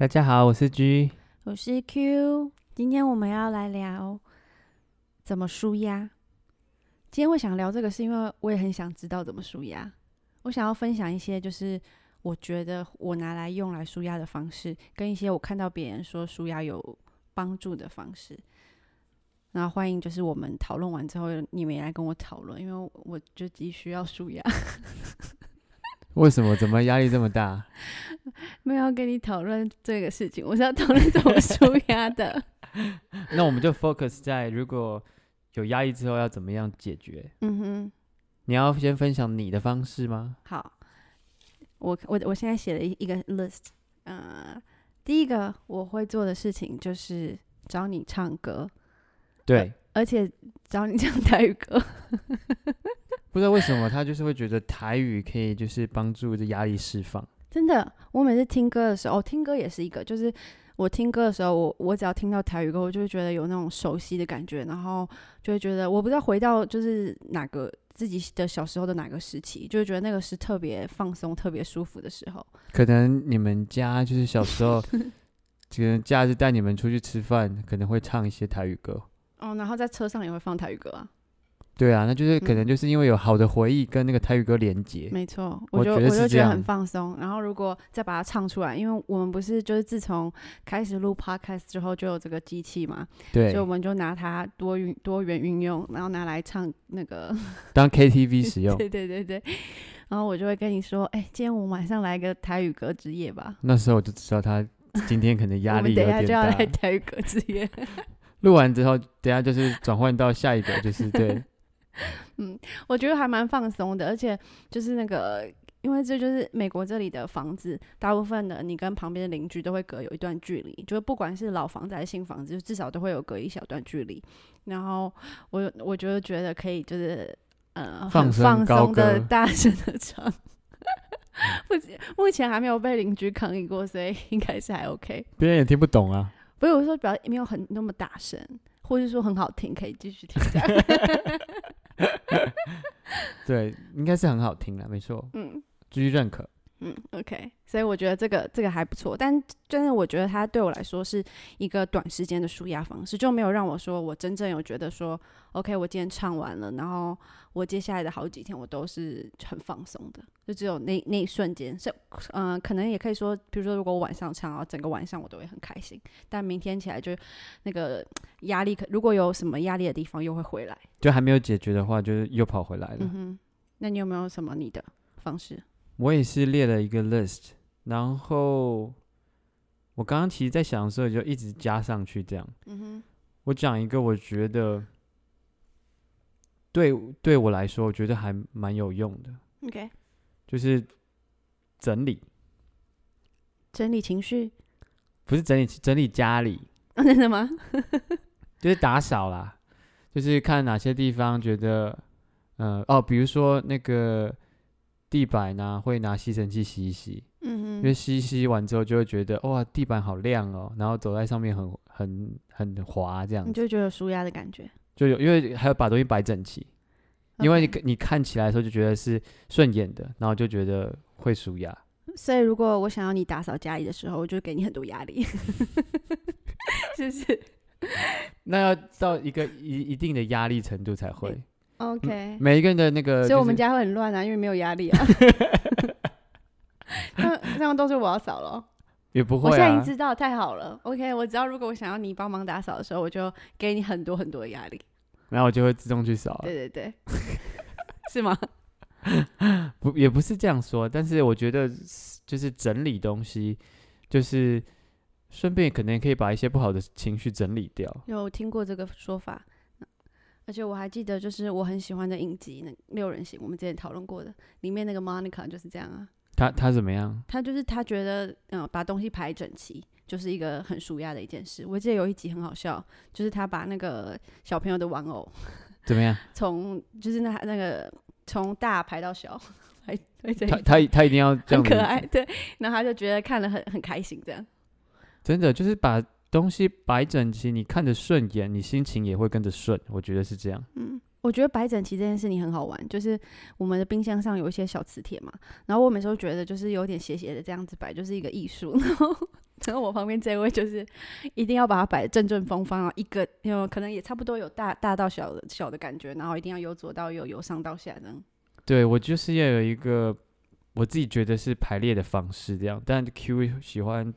大家好，我是 G，我是 Q。今天我們要來聊怎麼舒壓。今天我想聊這個，是因為我也很想知道怎麼舒壓。我想要分享一些，就是我覺得我拿來用來舒壓的方式，跟一些我看到別人說舒壓有幫助的方式。那歡迎，就是我們討論完之後，你們也來跟我討論，因為我，我就急需要舒壓。 為什麼？怎麼壓力這麼大？沒有要跟你討論這個事情，我是要討論怎麼舒壓的。 那我們就 focus 在如果有壓力之後要怎麼樣解決。嗯哼。你要先分享你的方式嗎？好，我我我現在寫了一一個 list，嗯，uh, 第一個我會做的事情就是找你唱歌。對、呃，而且找你唱台語歌。 不知道為什麼他就是會覺得台語可以就是幫助這壓力釋放。真的，我每次聽歌的時候，哦，聽歌也是一個，就是我聽歌的時候，我我只要聽到台語歌，我就會覺得有那種熟悉的感覺，然後就會覺得我不知道回到就是哪個自己的小時候的哪個時期，就會覺得那個是特別放鬆、特別舒服的時候。可能你們家就是小時候，可 能假日帶你們出去吃飯，可能會唱一些台語歌哦，然後在車上也會放台語歌啊。對啊，那就是可能就是因為有好的回憶跟那個台語歌連接、嗯。沒錯，我就，我覺得是這樣，我就覺得很放鬆，然後如果再把它唱出來，因為我們不是就是自從開始錄 podcast 之後就有這個機器嘛，對所以我們就拿它多運多元運用，然後拿來唱那個當 K T V 使用。 對對對對，然後我就會跟你說，哎，今天我們晚上來個台語歌之夜吧。那時候我就知道他今天可能壓力有點大。 我們等一下就要來台語歌之夜，錄 完之後等下就是轉換到下一個，就是對。 嗯，我覺得還蠻放鬆的，而且就是那個，因為這就是美國這裡的房子，大部分的你跟旁邊的鄰居都會隔有一段距離，就是不管是老房子還是新房子，就至少都會有隔一小段距離。然後我我覺得覺得可以，就是嗯，放、呃、放鬆的大聲的唱， 目前還沒有被鄰居抗議過，所以應該是還 OK。別人也聽不懂啊，不是我說比較沒有很那麼大聲，或是說很好聽，可以繼續聽。 對，應該是很好聽的，沒錯。嗯，繼續認可。嗯，OK，所以我覺得這個這個還不錯，但真的我覺得它對我來說是一個短時間的舒壓方式，就沒有讓我說我真正有覺得說 OK，我今天唱完了，然後我接下來的好幾天我都是很放鬆的，就只有那那一瞬間是，嗯、呃，可能也可以說，比如說如果我晚上唱啊，然後整個晚上我都會很開心，但明天起來就那個壓力，如果有什麼壓力的地方又會回來，就還沒有解決的話，就是又跑回來了。嗯哼，那你有沒有什麼你的方式？我也是列了一個 list，然後我剛剛其實在想的時候就一直加上去這樣。嗯哼。我講一個，我覺得對對我來說，我覺得還蠻有用的。嗯、OK。就是整理，整理情緒？不是整理，整理家裡？啊？什麼？ 就是打掃啦，就是看哪些地方覺得，呃、哦，比如說那個。地板呢，會拿吸塵器吸一吸，嗯哼因為吸吸完之後就會覺得，哇，地板好亮哦，然後走在上面很很很滑，這樣子你就覺得舒壓的感覺，就有，因為還有把東西擺整齊，嗯、因為你你看起來的時候就覺得是順眼的，然後就覺得會舒壓。所以如果我想要你打掃家裡的時候，我就給你很多壓力， 是不是？那要到一個一一定的壓力程度才會。嗯 OK，每一個人的那個，所以我們家會很亂啊，因為沒有壓力啊。那那 樣東西我要掃嘍，也不會、啊。我現在已經知道，太好了。OK，我只要，如果我想要你幫忙打掃的時候，我就給你很多很多的壓力。然後我就會自動去掃。 對對對， 是嗎？不，也不是這樣說。但是我覺得，就是整理東西，就是順便也可能可以把一些不好的情緒整理掉。有聽過這個說法？而且我還記得，就是我很喜歡的影集《那六人行》，我們之前討論過的，裡面那個 Monica 就是這樣啊。他他怎麼樣？他就是他覺得，嗯，把東西排整齊就是一個很舒壓的一件事。我記得有一集很好笑，就是他把那個小朋友的玩偶怎麼樣，從就是那那個從大排到小，還他他他一定要這樣很可愛，對，然後他就覺得看了很很開心，這樣。真的就是把。東西擺整齊，你看着順眼，你心情也會跟着順。我覺得是這樣。嗯，我覺得擺整齊這件事情很好玩，就是我們的冰箱上有一些小磁鐵嘛，然後我有時候覺得就是有點斜斜的這樣子擺，就是一個藝術。然後，然後我旁邊這位就是一定要把它擺正正方方啊，一個有可能也差不多有大大到小的小的感覺，然後一定要由左到右，由上到下這樣。對，我就是要有一個我自己覺得是排列的方式這樣，但 Q 喜歡。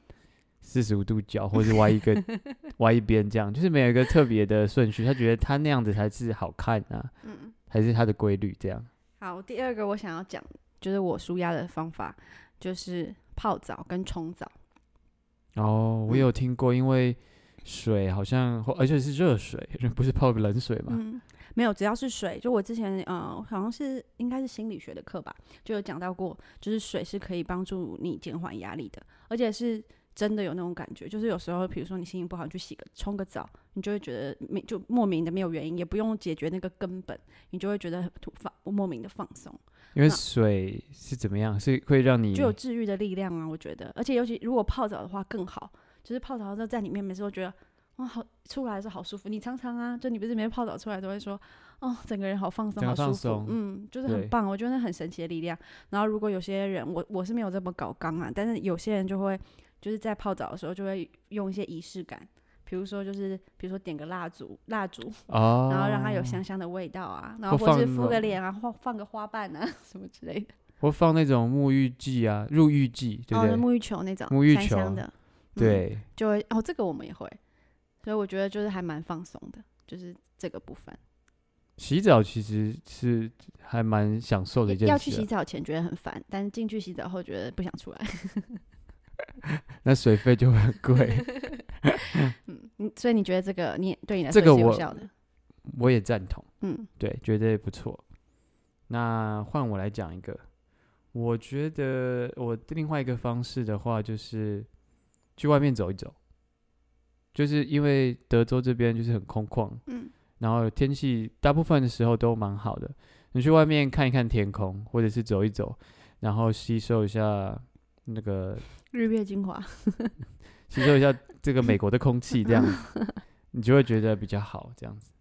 四十五度角，或是歪一個 歪一邊，這樣就是沒有一個特別的順序。他覺得他那樣子才是好看啊，嗯、還是他的規律這樣？好，第二個我想要講，就是我紓壓的方法，就是泡澡跟沖澡。哦，我也有聽過，因為水好像，嗯、而且是熱水，不是泡冷水嗎、嗯？沒有，只要是水。就我之前呃，好像是應該是心理學的課吧，就有講到過，就是水是可以幫助你減緩壓力的，而且是。真的有那種感覺，就是有時候，比如說你心情不好，你去洗個沖個澡，你就會覺得沒就莫名的沒有原因，也不用解決那個根本，你就會覺得很突發，不莫名的放鬆。因為水是怎麼樣，是會讓你就有治癒的力量啊！我覺得，而且尤其如果泡澡的話更好，就是泡澡的時候在裡面，每次都覺得哇好，出來的時候好舒服。你常常啊，就你不是沒泡澡出來都會說哦，整個人好放鬆，好舒服，嗯，就是很棒。對我覺得那很神奇的力量。然後如果有些人，我我是沒有這麼搞剛啊，但是有些人就會。就是在泡澡的時候，就會用一些儀式感，比如說就是比如說點個蠟燭，蠟燭，哦、然後讓它有香香的味道啊，然後或是敷個臉啊，放放個花瓣啊什麼之類的，或放那種沐浴劑啊、入浴劑，對對哦，沐浴球那種，沐浴球，香的，嗯、對，就會哦，這個我們也會，所以我覺得就是還蠻放鬆的，就是這個部分。洗澡其實是還蠻享受的一件事，啊、要去洗澡前覺得很煩，但是進去洗澡後覺得不想出來。 那水費就會很貴 嗯，所以你覺得這個你對你來說是的這個我我也贊同，嗯，對，覺得也不錯。那換我來講一個，我覺得我另外一個方式的話，就是去外面走一走，就是因為德州這邊就是很空曠，嗯，然後天氣大部分的時候都蠻好的，你去外面看一看天空，或者是走一走，然後吸收一下那個。日月精華，吸 收一下這個美國的空氣，這樣子， 你就會覺得比較好。這樣子，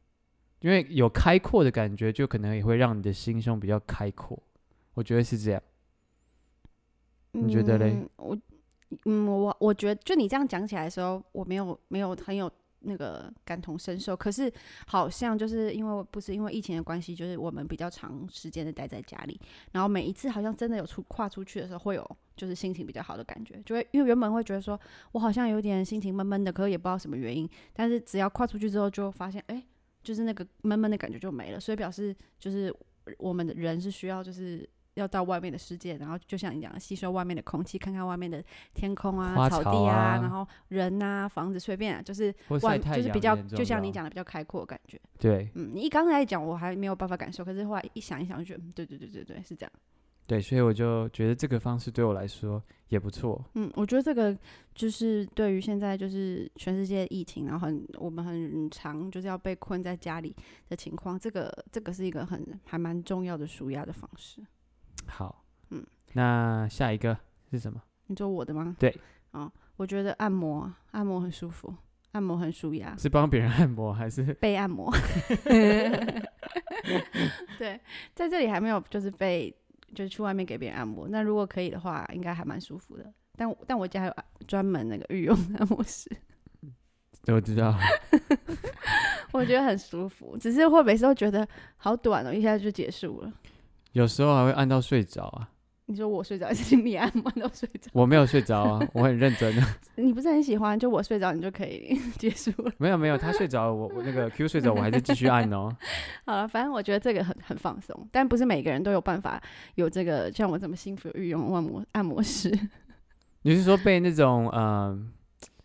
因為有開闊的感覺，就可能也會讓你的心胸比較開闊。我覺得是這樣，你覺得嘞、嗯？我，嗯，我我覺得，就你這樣講起來的時候，我沒有沒有很有。那個感同身受，可是好像就是因為不是因為疫情的關係，就是我們比較長時間的待在家裡，然後每一次好像真的有出跨出去的時候，會有就是心情比較好的感覺，就會因為原本會覺得說我好像有點心情悶悶的，可是也不知道什麼原因，但是只要跨出去之後，就發現哎，就是那個悶悶的感覺就沒了，所以表示就是我們的人是需要就是。要到外面的世界，然後就像你講，吸收外面的空氣，看看外面的天空啊、花草啊、草地啊，然後人啊、房子隨便啊，就是外就是比較，就像你講的比較開闊的感覺。對，嗯，你一剛才講，我還沒有辦法感受，可是後來一想一想，就覺得對對對對對，是這樣。對，所以我就覺得這個方式對我來說也不錯。嗯，我覺得這個就是對於現在就是全世界疫情，然後很我們很長就是要被困在家裡的情況，這個這個是一個很還蠻重要的舒壓的方式。好，嗯，那下一個是什麼？你做我的嗎？對，哦，我覺得按摩，按摩很舒服，按摩很舒壓。是幫別人按摩還是被按摩？ 對，在這裡還沒有，就是被，就是去外面給別人按摩。那如果可以的話，應該還蠻舒服的。但但我家有專門那個御用按摩師，都我知道。 我覺得很舒服，只是會每次都覺得好短哦，一下就結束了。有時候還會按到睡着啊！你說我睡着，還是你按到睡着？我沒有睡着啊，我很認真的、啊。 你不是很喜歡就我睡着，你就可以結束了？ 沒有沒有，他睡着我我那個 Q 睡着，我還是繼續按哦。 好了，反正我覺得這個很很放鬆，但不是每個人都有辦法有這個像我這麼幸福的御用按摩按摩師。 你是說被那種嗯、呃、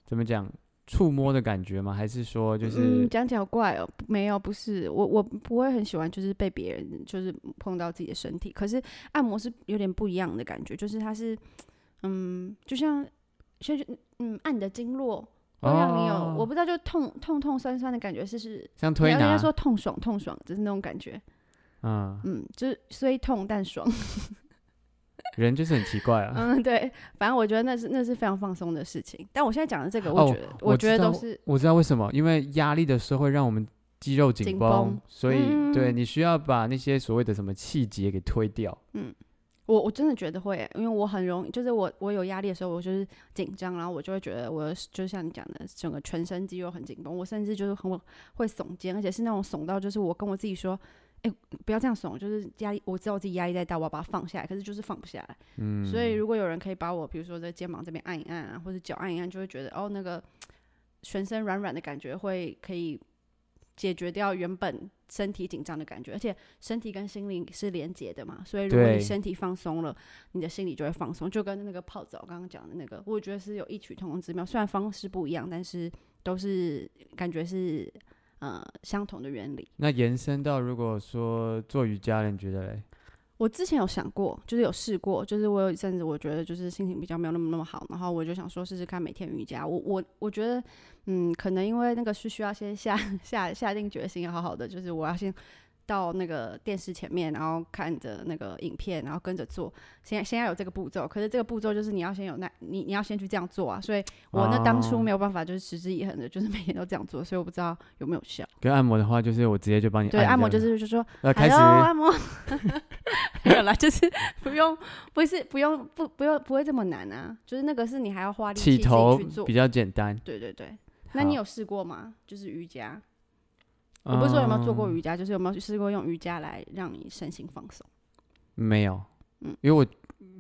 怎麼講？觸摸的感覺嗎？還是說就是講講、嗯、怪哦、喔？沒有，不是。我我不會很喜歡，就是被別人就是碰到自己的身體。可是按摩是有點不一樣的感覺，就是它是，嗯，就像像嗯按你的經絡，讓你有、哦、我不知道就痛痛痛酸酸的感覺，是是像推拿然後人家說痛爽痛爽，就是那種感覺，嗯嗯，就是雖痛但爽。 人就是很奇怪啊。嗯，對，反正我覺得那是那是非常放鬆的事情。但我現在講的這個，我覺得、哦、我知道,我覺得都是，我知道為什麼，因為壓力的時候會讓我們肌肉緊繃，緊繃所以、嗯、對你需要把那些所謂的什麼氣結給推掉。嗯，我我真的覺得會，因為我很容易，就是我我有壓力的時候，我就是緊張，然後我就會覺得我就,就像你講的，整個全身肌肉很緊繃，我甚至就是很會聳肩，而且是那種聳到就是我跟我自己說。哎、欸，不要這樣慫，就是壓力，我知道我自己壓力在大，我要把它放下來，可是就是放不下來。嗯，所以如果有人可以把我，比如說在肩膀這邊按一按、啊，或者腳按一按，就會覺得哦，那個全身軟軟的感覺會可以解決掉原本身體緊張的感覺。而且身體跟心靈是連接的嘛，所以如果你身體放鬆了，對你的心理就會放鬆。就跟那個泡澡剛剛講的那個，我覺得是有異曲同工之妙。雖然方式不一樣，但是都是感覺是。呃，相同的原理。那延伸到如果說做瑜伽，你覺得嘞？我之前有想過，就是有試過，就是我有一陣子，我覺得就是心情比較沒有那麼那麼好，然後我就想說試試看每天瑜伽。我我我覺得，嗯，可能因為那個是需要先下下下定決心，要好好的，就是我要先。到那個電視前面，然後看着那個影片，然後跟着做。先先要有這個步驟，可是這個步驟就是你要先有那，你你要先去這樣做啊。所以我那當初沒有辦法，就是持之以恆的，就是每天都這樣做，所以我不知道有沒有效。跟按摩的話，就是我直接就幫你按。對，按摩就是就是說要、呃、開始、哎、按摩。 沒有啦，就是不用，不是不用，不不用，不會這麼難啊。就是那個是你還要花力氣去做，起頭比較簡單。對對對，好那你有試過嗎？就是瑜伽。我不是說有沒有做過瑜伽，就是有沒有試過用瑜伽來讓你身心放鬆？嗯，沒有，嗯，因為我，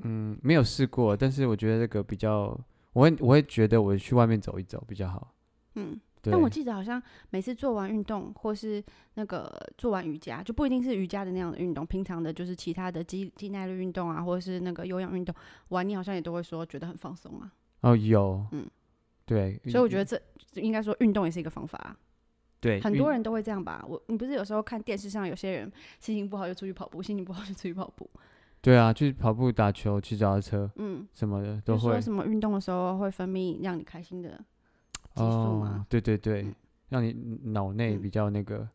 嗯，沒有試過。但是我覺得這個比較，我會，我會覺得我去外面走一走比較好。嗯，對，但我記得好像每次做完運動，或是那個做完瑜伽，就不一定是瑜伽的那樣的運動，平常的就是其他的肌肌耐力運動啊，或者是那個有氧運動，完你好像也都會說覺得很放鬆啊。哦，有，嗯，對，所以我覺得這，嗯，應該說運動也是一個方法啊。對，很多人都會這樣吧？運我，你不是有時候看電視上有些人心情不好就出去跑步，心情不好就出去跑步。對啊，去跑步、打球、騎腳踏車，嗯，什麼的都會。你什麼運動的時候會分泌讓你開心的激素嗎、哦？對對對，嗯、讓你腦內比較那個、嗯。嗯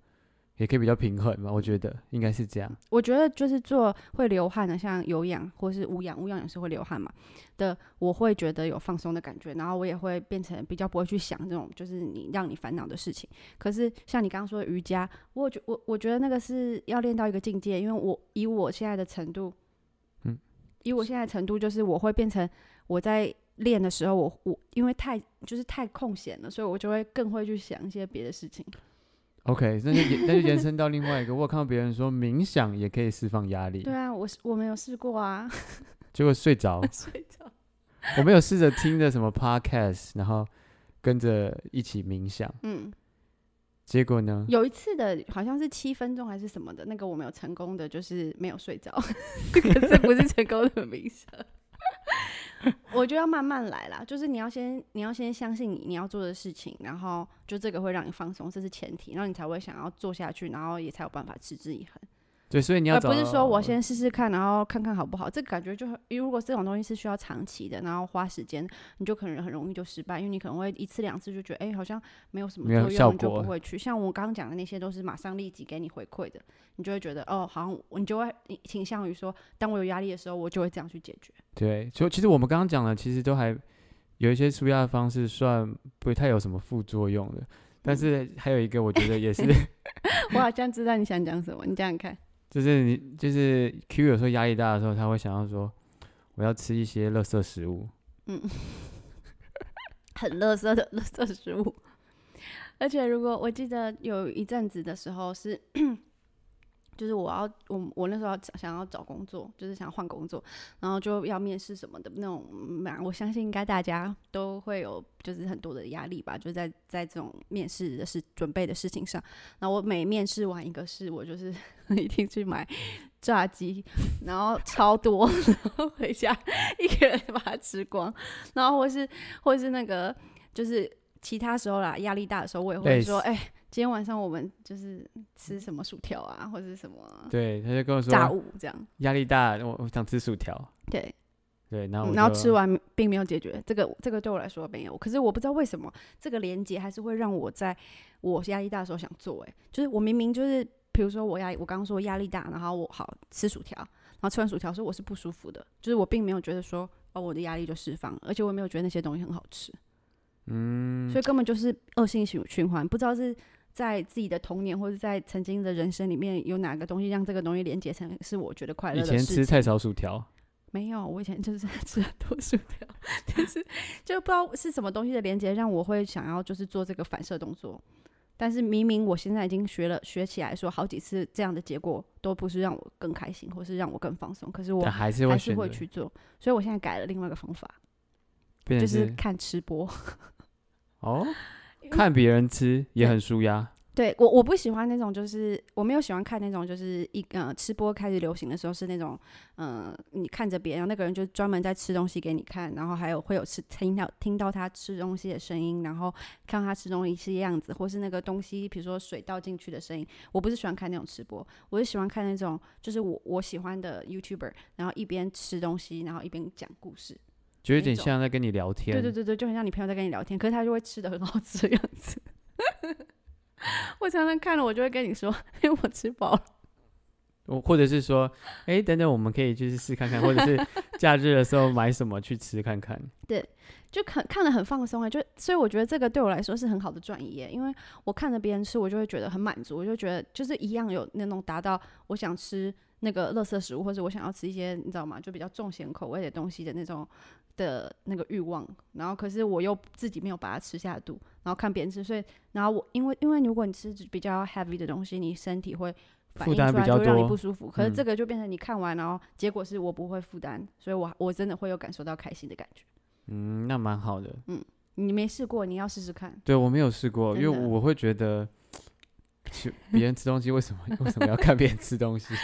也可以比較平衡吧，我覺得應該是這樣。我覺得就是做會流汗的，像有氧或是無氧，無氧也是會流汗嘛的。我會覺得有放鬆的感覺，然後我也會變成比較不會去想這種就是你讓你煩惱的事情。可是像你剛剛說的瑜伽，我覺我我覺得那個是要練到一個境界，因為我以我現在的程度，嗯，以我現在的程度就是我會變成我在練的時候我，我我因為太就是太空閒了，所以我就會更會去想一些別的事情。OK，那就那就延伸到另外一個。 我有看到別人說冥想也可以釋放壓力。 對啊，我我沒有試過啊。結果睡着。睡着。我沒有試着聽着什麼 podcast，然後跟着一起冥想。 嗯。結果呢？有一次的好像是七分鐘還是什麼的，那個我沒有成功的，就是沒有睡着。可是 是不是成功的冥想？ 我就要慢慢來啦，就是你要先，你要先相信你你要做的事情，然後就這個會讓你放鬆，這是前提，然後你才會想要做下去，然後也才有辦法持之以恆。對，所以你要、呃、不是說我先試試看，然後看看好不好？這個感覺就是，因為如果這種東西是需要長期的，然後花時間，你就可能很容易就失敗，因為你可能會一次兩次就覺得，哎、欸，好像沒有什麼作用，效果就不會去。像我剛剛講的那些，都是馬上立即給你回饋的，你就會覺得，哦，好像你就會傾向於說，當我有壓力的時候，我就會這樣去解決。對，所以其實我們剛剛講的，其實都還有一些舒壓的方式，算不太有什麼副作用的。對但是還有一個，我覺得也是， 我好像知道你想講什麼，你講講看。就是你，就是 Q 有時候壓力大的時候，他會想要說，我要吃一些垃圾食物。嗯， 很垃圾的垃圾食物。而且如果我記得有一陣子的時候是。 就是我要我我那時候要想要找工作，就是想換工作，然後就要面試什麼的那種。我相信應該大家都會有就是很多的壓力吧，就在在這種面試的事準備的事情上。那我每面試完一個事，我就是呵呵一定去買炸雞，然後超多， 然後回家一個人把它吃光。然後或是或是那個就是其他時候啦，壓力大的時候，我也會說哎。欸欸今天晚上我們就是吃什麼薯條啊，或者是什麼、啊？對，他就跟我說炸物這樣，壓力大，我我想吃薯條。對，對，然後、嗯、然後吃完並沒有解決這個，這個對我來說沒有。可是我不知道為什麼這個連接還是會讓我在我壓力大的時候想做、欸。哎，就是我明明就是，比如說我壓我剛剛說壓力大，然後我好吃薯條，然後吃完薯條說我是不舒服的，就是我並沒有覺得說把、哦、我的壓力就釋放，而且我也沒有覺得那些東西很好吃。嗯，所以根本就是惡性循循環，不知道是。在自己的童年，或者在曾經的人生裡面有哪個東西讓這個東西連接成是我覺得快樂的？以前吃菜炒薯條，沒有。我以前就是吃很多薯條。 但是就不知道是什麼東西的連接讓我會想要就是做這個反射動作。但是明明我現在已經學了，學起來說好幾次這樣的結果都不是讓我更開心，或是讓我更放鬆。可是我還是還是會去做，所以我現在改了另外一個方法，成就是看吃播。哦。看別人吃也很舒壓，嗯。對我，我不喜歡那種，就是我沒有喜歡看那種，就是一呃，吃播開始流行的時候是那種，嗯、呃，你看着別人，那個人就專門在吃東西給你看，然後還有會有吃聽到聽到他吃東西的聲音，然後看他吃東西的樣子，或是那個東西，比如說水倒進去的聲音。我不是喜歡看那種吃播，我是喜歡看那種，就是我我喜歡的 YouTuber，然後一邊吃東西，然後一邊講故事。就有點像在跟你聊天，對對對對，就很像你朋友在跟你聊天，可是他就會吃的很好吃的樣子。 我常常看了，我就會跟你說，嘿，我吃飽了。我或者是說，哎、欸，等等，我們可以就是試看看，或者是假日的時候買什麼去吃看看。 對，就看得很放鬆啊、欸，就所以我覺得這個對我來說是很好的轉移、欸，因為我看着別人吃，我就會覺得很滿足，我就覺得就是一樣有那種達到我想吃那個垃圾食物，或者我想要吃一些你知道嗎？就比較重鹹口味的東西的那種的那個欲望，然後可是我又自己沒有把它吃下肚，然後看別人吃，所以然後我因為因為如果你吃比較 heavy 的東西，你身體會。負擔比較多，讓你不舒服。可是這個就變成你看完然後結果是我不會負擔，嗯、所以我我真的會有感受到開心的感覺。嗯，那蠻好的。嗯，你沒試過，你要試試看。對，我沒有試過，的因為我會覺得去別人， 人吃東西，為什麼為什麼要看別人吃東西？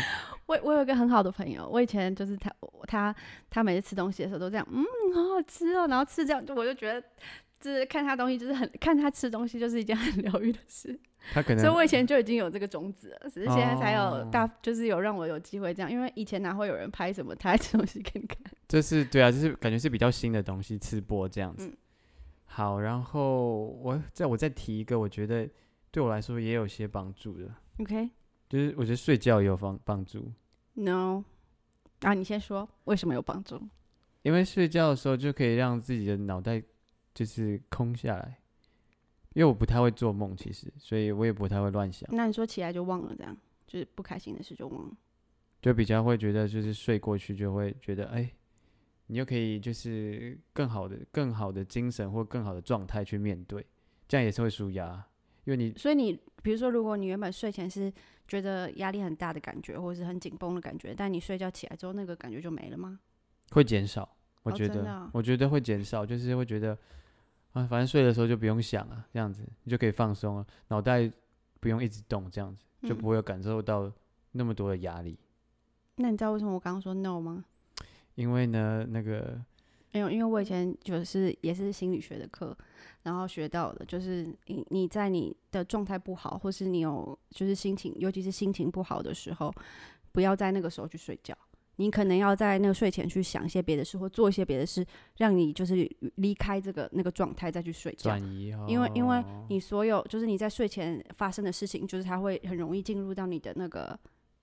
我我有一個很好的朋友，我以前就是他他他每次吃東西的時候都這樣，嗯，好好吃哦、喔，然後吃這樣，就我就覺得。就是看他東西，就是很看他吃東西，就是一件很療癒的事。他可能，所以我以前就已經有這個種子了，只是現在才有大，哦、就是有讓我有機會這樣。因為以前哪、啊、會有人拍什麼他吃東西給你看？這、就是對啊，就是感覺是比較新的東西，吃播這樣子。嗯、好，然後我，我再我再提一個，我覺得對我來說也有些幫助的。OK。就是我覺得睡覺也有幫幫助。No。啊，你先說為什麼有幫助？因為睡覺的時候就可以讓自己的腦袋。就是空下來，因為我不太會做夢，其實，所以我也不太會亂想。那你說起來就忘了，這樣就是不開心的事就忘了，就比較會覺得就是睡過去就會覺得，哎、欸，你又可以就是更好的、更好的精神或更好的狀態去面對，這樣也是會舒壓，因為你所以你比如說，如果你原本睡前是覺得壓力很大的感覺，或者是很緊繃的感覺，但你睡覺起來之後，那個感覺就沒了嗎？會減少，我覺得，哦，真的啊？我覺得會減少，就是會覺得。啊，反正睡的時候就不用想啊，這樣子你就可以放鬆了啊，腦袋不用一直動，這樣子就不會有感受到那麼多的壓力。嗯。那你知道為什麼我剛剛說 no 嗎？因為呢，那個沒有，因為我以前就是也是心理學的課，然後學到的就是你你在你的狀態不好，或是你有就是心情，尤其是心情不好的時候，不要在那個時候去睡覺。你可能要在那個睡前去想一些別的事，或做一些別的事，讓你就是離開這個那個狀態再去睡覺。轉移。因為因為你所有就是你在睡前發生的事情，就是它會很容易進入到你的那個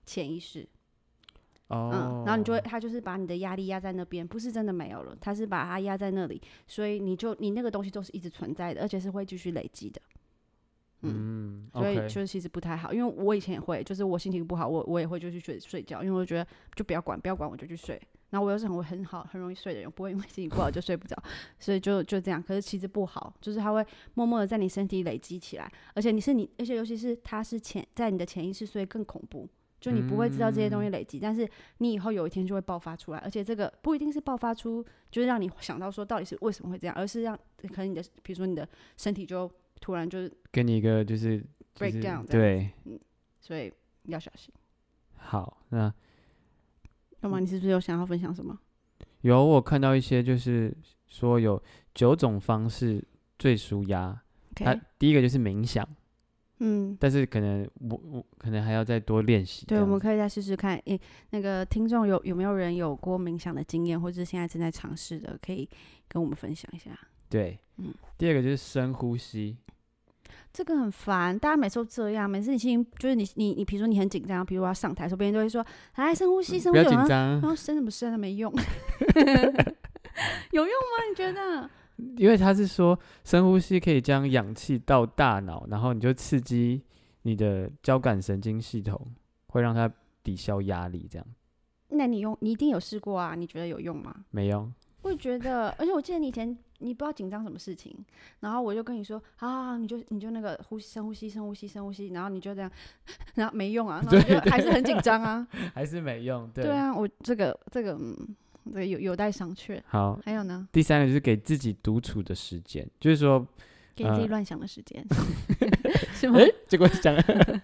潛意識。嗯，然後你就會，它就是把你的壓力壓在那邊，不是真的沒有了，它是把它壓在那裡，所以你就你那個東西都是一直存在的，而且是會繼續累積的。嗯，所以就是其實不太好，Okay 因為我以前也會，就是我心情不好，我我也會就去睡睡覺，因為我覺得就不要管，不要管，我就去睡。然後我又是很會很好，很容易睡的人，不會因為心情不好就睡不着， 所以就就這樣。可是其實不好，就是他會默默的在你身體累積起來，而且你是你，而且尤其是它是潛在你的潛意識，所以更恐怖。就你不會知道這些東西累積，嗯嗯但是你以後有一天就會爆發出來，而且這個不一定是爆發出，就是讓你想到說到底是為什麼會這樣，而是讓可能你的，比如說你的身體就。突然就是給你一個就是，是 breakdown、就是、對、嗯，所以要小心。好，那那麼你是不是有想要分享什麼？嗯、有，我看到一些就是說有九種方式最舒壓，它 Okay、啊、第一個就是冥想，嗯，但是可能我我可能還要再多練習。對，我們可以再試試看。誒、欸，那個聽眾有有沒有人有過冥想的經驗，或者是現在正在嘗試的，可以跟我們分享一下。對，嗯，第二個就是深呼吸，這個很煩，大家每次都這樣。每次你心情就是你你你，比如說你很緊張，比如我要上台的時候，別人都會說：“哎，深呼吸，深呼吸。嗯，”不要緊張，然後深什麼深，都沒用， 有用嗎？你覺得？因為他是說深呼吸可以將氧氣到大腦，然後你就刺激你的交感神經系統，會讓它抵消壓力。這樣，那你用你一定有試過啊？你覺得有用嗎？沒用，我覺得，而且我記得你以前。你不要緊張什麼事情，然後我就跟你說啊，你就你就那個呼吸，呼吸，深呼吸，深呼吸，深呼吸，然後你就這樣，然後沒用啊，然後就還是很緊張啊，對對 還是沒用，對，對啊，我這個這個這個有有待商榷。好，還有呢，第三個就是給自己獨處的時間，就是說給自己亂想的時間，呃、 是嗎？欸、結果講了，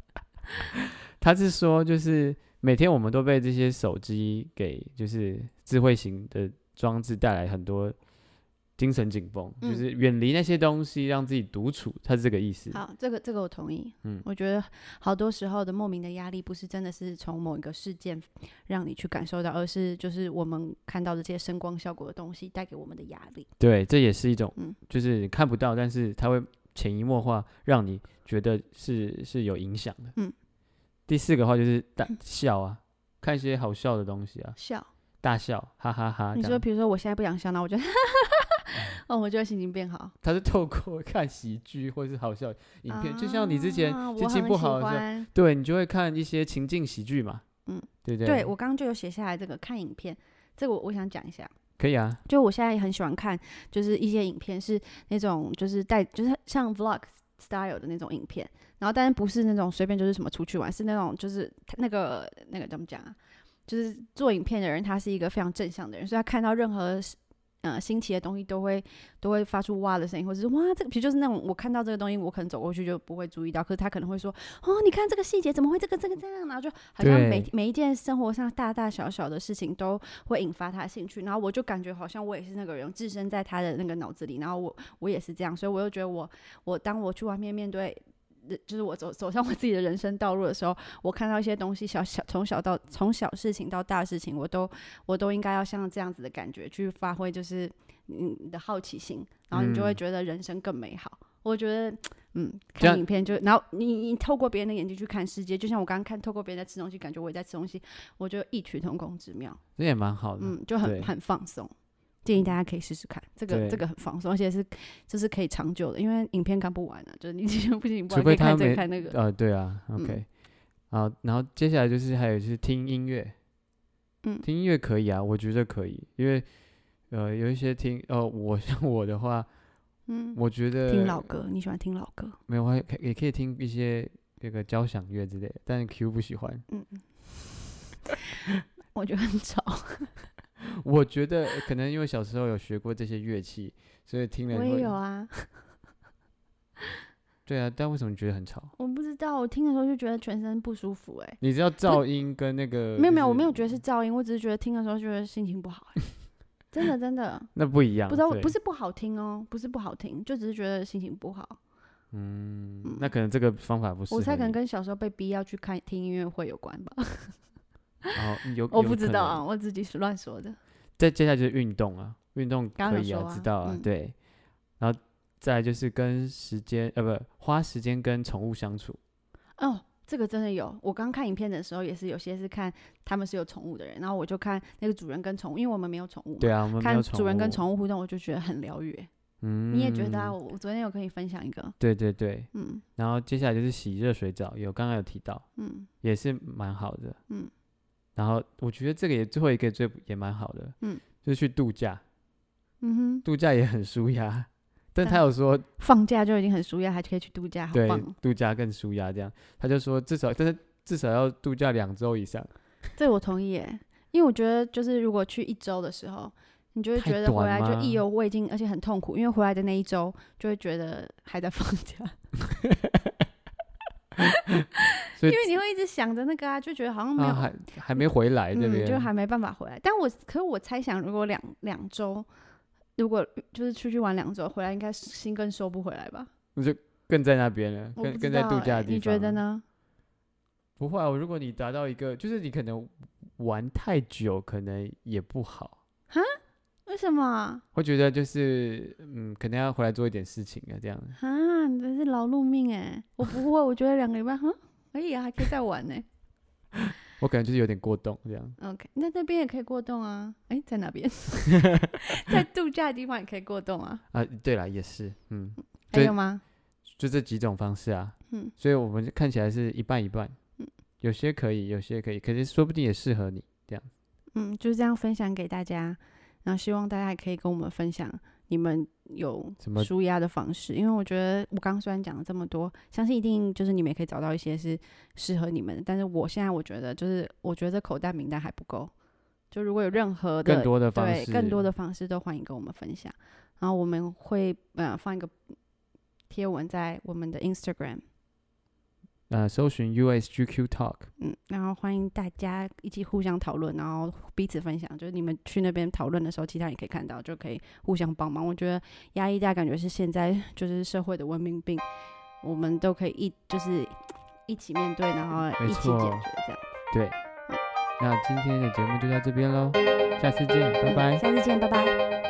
他是說就是每天我們都被這些手機給就是智慧型的裝置帶來很多。精神緊繃，就是遠離那些東西，讓自己獨處，他、嗯、是這個意思。好，這個這個我同意。嗯，我覺得好多時候的莫名的壓力，不是真的是從某一個事件讓你去感受到，而是就是我們看到的這些聲光效果的東西帶給我們的壓力。對，這也是一種，嗯、就是看不到，但是它會潛移默化讓你覺得是是有影響的。嗯，第四個話就是大笑啊，嗯、看一些好笑的東西啊，笑，大笑，哈哈哈，哈。你說，比如說我現在不想笑，那我覺得。 哦，我就會心情變好。他是透過看喜劇或者是好笑影片，啊、就像你之前心情不好的時候，對，你就會看一些情境喜劇嘛。嗯，對對對。對，我剛剛就有寫下來這個看影片，這個我我想講一下。可以啊，就我現在也很喜歡看，就是一些影片是那種就是帶，就是像 vlog style 的那種影片，然後但是不是那種隨便就是什麼出去玩，是那種就是那個那個怎麼講啊？就是做影片的人他是一個非常正向的人，所以他看到任何。嗯、呃，新奇的東西都會都會發出哇的聲音，或者是哇，這個，譬如就是那種我看到這個東西，我可能走過去就不會注意到，可是他可能會說，哦，你看這個細節怎麼會這個這個這樣呢？然後就好像每對每一件生活上大大小小的事情都會引發他興趣，然後我就感覺好像我也是那個人，置身在他的那個腦子裡，然後我我也是這樣，所以我又覺得我我當我去外面面對。就是我走走上我自己的人生道路的時候，我看到一些東西小，小小從小到從小事情，到大事情，我都我都應該要像這樣子的感覺去發揮，就是你的好奇心，然後你就會覺得人生更美好。嗯、我覺得，嗯，看影片就，這樣 然後你你透過別人的眼睛去看世界，就像我剛剛看透過別人在吃東西，感覺我也在吃東西，我覺得異曲同工之妙，這也蠻好的，嗯，就很對 很放鬆。建議大家可以試試看，這個對這個很放鬆，而且是就是可以長久的，因為影片看不完的、啊，就是你不行不，不行，你可以看這個看那個啊、呃，對啊、嗯、，OK，好然後接下來就是還有就是聽音樂，嗯，聽音樂可以啊，我覺得可以，因為呃有一些聽呃，我像我的話，嗯，我覺得聽老歌，你喜歡聽老歌？沒有，還也可以聽一些這個交響樂之類，的，但是 Q 不喜歡，嗯，我覺得很吵。 我覺得可能因為小時候有學過這些樂器，所以聽了我也有啊。 對啊，但為什麼覺得很吵？我不知道，我聽的時候就覺得全身不舒服、欸。哎，你知道噪音跟那個、就是、沒有沒有，我沒有覺得是噪音，我只是覺得聽的時候覺得心情不好、欸 真，真的真的，那不一樣。不知道對不是不好聽哦、喔，不是不好聽，就只是覺得心情不好。嗯，那可能這個方法不是、嗯，我猜可能跟小時候被逼要去看聽音樂會有關吧。 然後有，有我不知道啊，我自己是亂說的。再接下來就是運動啊，運動可以也、啊啊、知道啊，嗯、對。然後再來就是跟時間呃不，不花時間跟寵物相處。哦，這個真的有。我剛看影片的時候也是，有些是看他們是有寵物的人，然後我就看那個主人跟寵物，因為我們沒有寵物。對啊，我們沒有寵物。看主人跟寵物互動，我就覺得很療癒。嗯，你也覺得啊？我昨天有跟你分享一個，對對對，嗯。然後接下來就是洗熱水澡，有剛剛有提到，嗯，也是蠻好的，嗯。然後我覺得這個也最後一個最也蠻好的，嗯，就是去度假，嗯哼，度假也很舒壓，但他有說放假就已經很舒壓，還可以去度假，對好棒哦，度假更舒壓。這樣，他就說至少但是至少要度假兩周以上。這我同意耶，因為我覺得就是如果去一周的時候，你就會覺得回來就意猶未盡，而且很痛苦，因為回來的那一周就會覺得還在放假。 所以，因為你會一直想着那個啊，就覺得好像沒有、啊、還還沒回來對不對？嗯、這邊。就還沒辦法回來。但我，可是我猜想，如果兩兩周，如果就是出去玩兩周，回來應該心更收不回來吧？那就更在那邊了，更更在度假地方、欸、你覺得呢？不會，啊，如果你達到一個，就是你可能玩太久，可能也不好。為什麼？我覺得就是，嗯，肯定要回來做一點事情啊，這樣子啊，你真是勞碌命哎、欸！我不會， 我覺得兩個禮拜，嗯，可以啊，還可以再玩呢、欸。我感能就是有點過動這樣。OK，那那邊也可以過動啊。哎、欸，在那邊， 在度假的地方也可以過動啊。 啊，對了，也是，嗯。還有嗎？就，就這幾種方式啊。嗯。所以我們看起來是一半一半。嗯。有些可以，有些可以，可是說不定也適合你這樣。嗯，就是這樣分享給大家。然後希望大家也可以跟我們分享你們有舒壓的方式，什麼？因為我覺得我剛雖然講了這麼多，相信一定就是你們也可以找到一些是適合你們的。但是我現在我覺得就是，我覺得這口袋名單還不夠，就如果有任何的更多的方式，對，更多的方式都歡迎跟我們分享。然後我們會呃放一個貼文在我們的 Instagram。呃，搜尋 USGQ Talk。嗯，然後歡迎大家一起互相討論，然後彼此分享。就是你們去那邊討論的時候，其他也可以看到，就可以互相幫忙。我覺得壓力大感覺是現在就是社會的文明病，我們都可以一就是一起面對，然後一起解決。錯這樣對。嗯、那今天的節目就到這邊嘍，下次見，拜拜。嗯、下次見，拜拜。